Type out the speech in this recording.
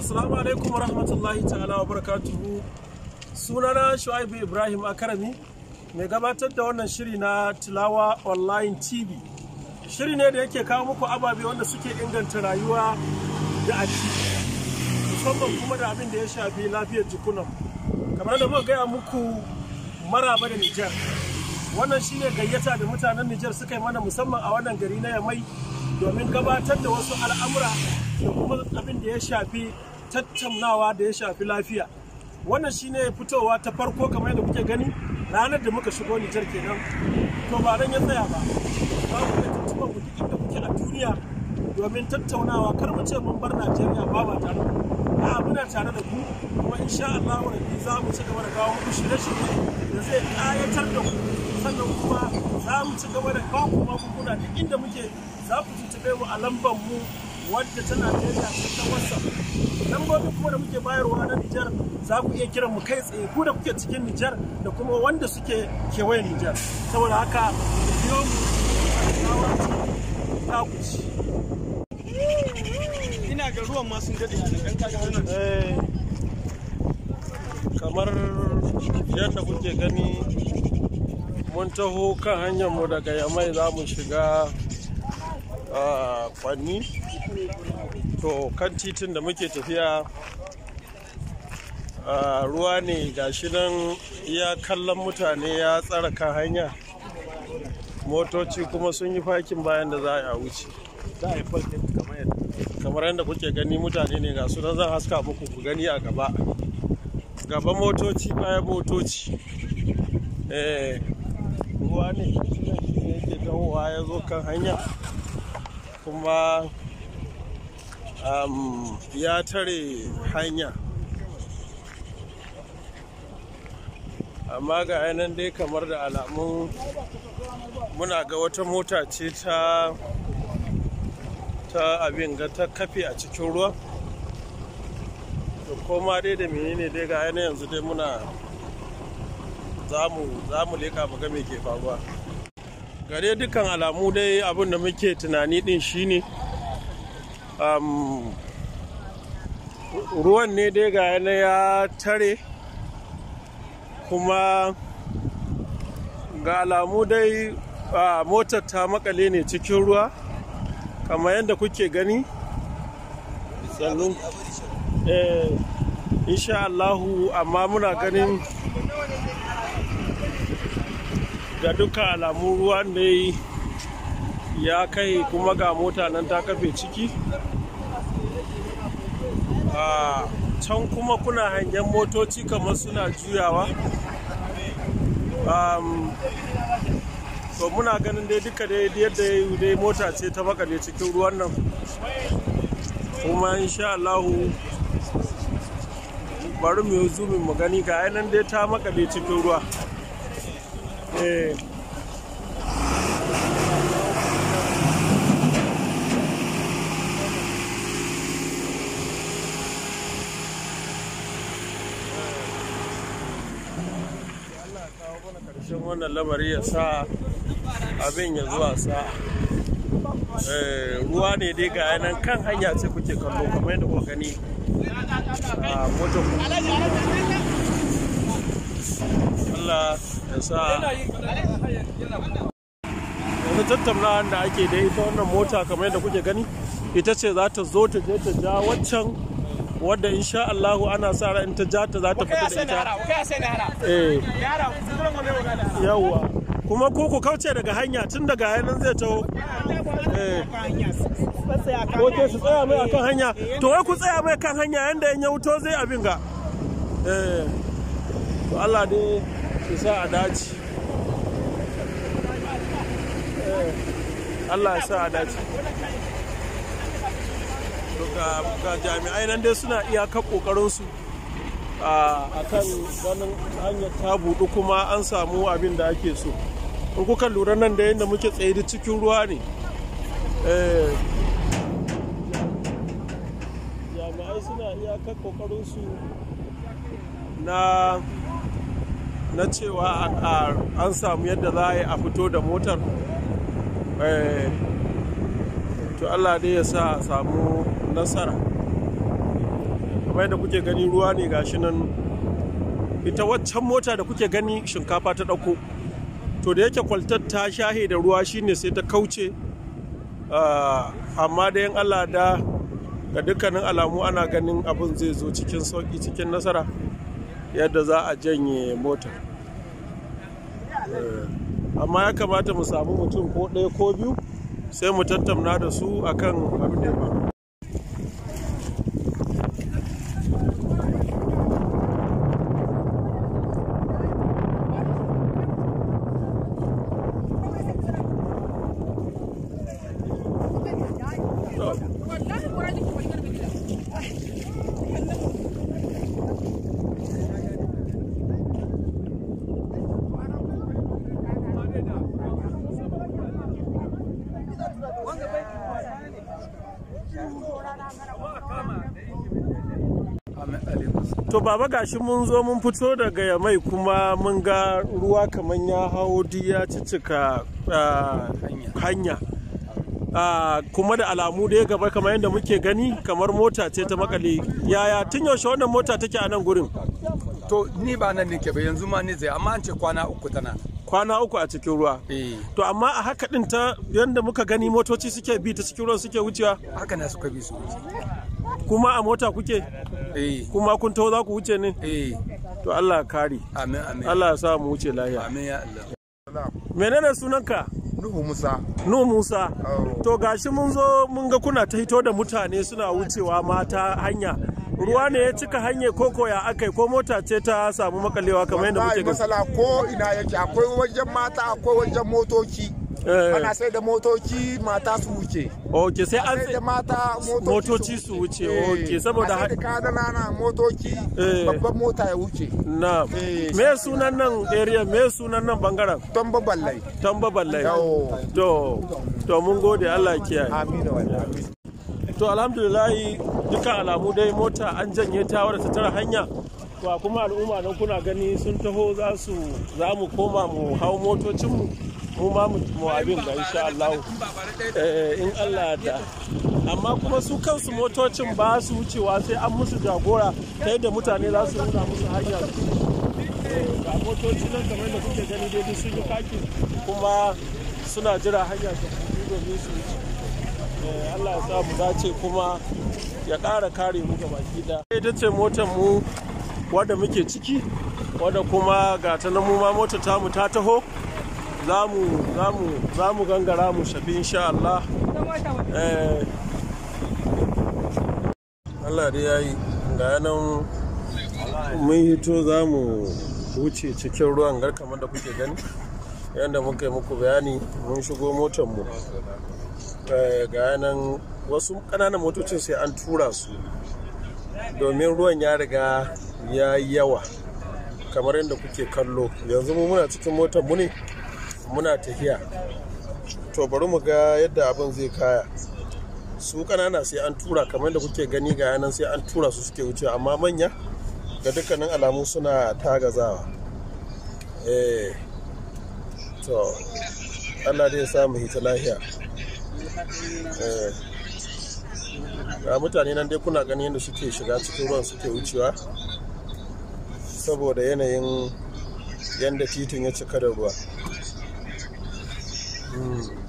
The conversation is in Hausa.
Assalamu alaikum rahmatullahi ta'ala wa barakatuhu sunana Shu'aibu Ibrahim Akarami mai gabatar da wannan shiri na Tilawa Online TV shiri ne da yake kawo muku ababe wanda suke inganta rayuwa da ci. musamman kuma da abin da ya shafi lafiyar jikunan kamar da muka gaya muku maraba da Nijar wannan shine gayyata da mutanen Nijar suka yi mana musamman a wannan gari na Yamai domin gabatar da wasu al'amura da kuma abin da ya shafi tattaunawa da ya shafi lafiya wannan shine fitowa ta farko kamar yadda kuke gani ranar da muka shigo Nijar kenan to ba nan ya tsaya ba ba ku da tuntuɓar ku duk inda kuke a duniya domin tattaunawa kar mu ce mun bar Najeriya ba ba tare da a muna tare da ku kuma insha Allah wani za mu ci gaba da kawo muku shirye-shirye da zai ƙayatar da ku sannan kuma za mu ci gaba da ba magunguna da inda muke za ku tuntube mu a lambar mu wadda tana Najeriya ta WhatsApp lambobin kuma da muke bayarwa na Nijar za ku iya kiran mu kai tsaye ku da kuke cikin Nijar da kuma wanda suke kewaye Nijar saboda haka biyo mu ta ku ci ina ga ruwan masu sun dade a nan kaga eh, kamar yadda kuke gani mun taho kan hanyar mu daga yamai za mu shiga kwanni to kan titin da muke tafiya ruwa ne gashi nan ya kallon mutane ya tsara kan hanya motoci kuma sun yi fakin bayan da za a wuce kamar yadda kuke gani mutane ne ga su nan zan haska muku ku gani a gaba gaba motoci baya motoci eh, ruwa ne shi ne yake tahowa ya zo kan hanya kuma um, ya tare hanya amma ga ainihin dai kamar da alamun muna ga wata mota ce ta ta abin ga ta kafe a cikin ruwa da koma dai da menene dai ga yanzu dai muna za mu leka mu ga me ke faruwa gare dukkan alamu dai abin da muke tunani din shine um, ruwan ne dai ga yana ya tare kuma ga alamu dai motar ta makale ne cikin ruwa kamar yadda kuke gani sannan eh, amma muna ganin Da duka alamu ruwa ne ya kai kuma ga mota nan ta kafe ciki a can kuma kuna hangen motoci kamar suna juyawa to muna ganin dai duka dai yadda ya dai mota ce ta makale cikin ruwan nan kuma insha Allahu bari mu yi zumin mu gani ga nan dai ta makale cikin ruwa Eh, ƙarshen wannan lamari ya sa abin ya zuwa sa eh, ruwa ne dai ga yanan kan hanya ce kuke kallo kamar yadda kuka gani a motar Allah ya tattauna da ake da ita wannan mota kamar yadda kuke gani ita ce za ta zo ta je ta ja waccan wadda insha ana sa ran ta ja ta za ta fita da ita eh. kuma ko ku kauce daga hanya tun daga nan zai taho eh. ko su tsaya mai akan hanya to wai ku tsaya mai kan hanya yanda ya zai abin ga eh. Allah dai sa a dace eh, Allah ya sa a dace ga jami'ai nan dai suna iyakar kokarinsu a kan ganin hanyar ta budu kuma an samu abin da ake so in kuka lura nan da yadda muke tsaye da cikin ruwa ne eh, jami'ai suna iyakar kokarinsu na na cewa an samu yadda za a yi a fito da motar eh, to allah dai ya sa samu nasara kamar yadda kuke gani ruwa ne gashi nan ita waccan mota da kuke gani shinkafa ta ɗauko to da yake kwaltar ta shahe da ruwa shine sai ta kauce ah, amma da yin allah da ga dukkanin alamu ana ganin abin zai zo cikin sauki cikin nasara yadda za a janye motar Eh, amma ya kamata mu samu mutum ko ɗaya ko biyu sai mu tattauna da su akan abin da ya faru to baba gashi mun zo mun fito daga yamai kuma mun ga ruwa kamar ya hau ya cicika ah, hanya ah, kuma da alamu da ya gaba kamar yadda muke gani kamar mota ce ta makale yaya tun yaushe wannan mota take a nan gurin to ni ba nan nake ba yanzu ma ni zai amma an ce kwana uku tana kwana uku a cikin ruwa eh. to amma a haka din ta yadda muka gani motoci suke bi ta cikin ruwa suke wucewa haka na suka bi su wuce kuma a mota kuke eh. kuma kun taho za ku wuce ne eh. to Allah kare amin amin Allah ya sa mu wuce lafiya amin ya Allah menene sunanka Nuhu Musa. Nuhu Musa. To gashi mun zo mun ga kuna ta hito da mutane suna wucewa mata hanya. Ruwa ne ya cika hanya ko ya akai ko mota ce ta samu makalewa kamar yadda muke gani. masala ko ina yake akwai wajen mata akwai wajen motoci. Eh. ana sai da motoci mata su wuce ok sai an sai da mata motoci su wuce eh. ok saboda a sai da kadana na motoci eh. babban mota ya wuce na me sunan nan area me sunan nan bangaren tamba ballai tamba ballai to to mun gode Allah ya. kiyaye amin, wallahi to alhamdulillah duka alamu dai mota an janye ta wadda ta tara hanya to kuma al'umma don kuna gani sun taho za su za mu koma mu hau motocinmu mu ma mu abin da insha Allah eh, in Allah da amma kuma su kansu motocin ba su wucewa sai an musu jagora ta yadda mutane za su nuna musu hanya ga motoci nan kamar da kuke gani daidai sun yi kaki kuma suna jira hanya ta kuɗi domin su wuce eh, Allah ya sa mu dace kuma ya kara kare mu ga baki da ita ce motar mu wadda muke ciki wadda kuma ga ta na mu ma motar tamu ta taho za mu gangara mu shafi insha Allah eh, Allah dai ya yi ga nan mun hito za mu wuce cikin ruwan gar kamar da kuke gani yadda muka yi muku bayani mun shigo motar mu eh, ga nan wasu ƙananan motocin sai an tura su domin ruwan ya riga ya yawa kamar yadda kuke kallo yanzu mu muna cikin motar mu ne muna tafiya to bari mu ga yadda abin zai kaya su kanana sai an tura kamar da kuke gani ga yanan sai an tura su suke wucewa amma manya ga dukkanin alamu suna tagazawa eh to allah dai mu hita lahiya eh, ga mutane nan dai kuna gani yadda suke shiga cikin ruwan suke wucewa saboda yanayin yadda titin ya cika da ruwa Mm.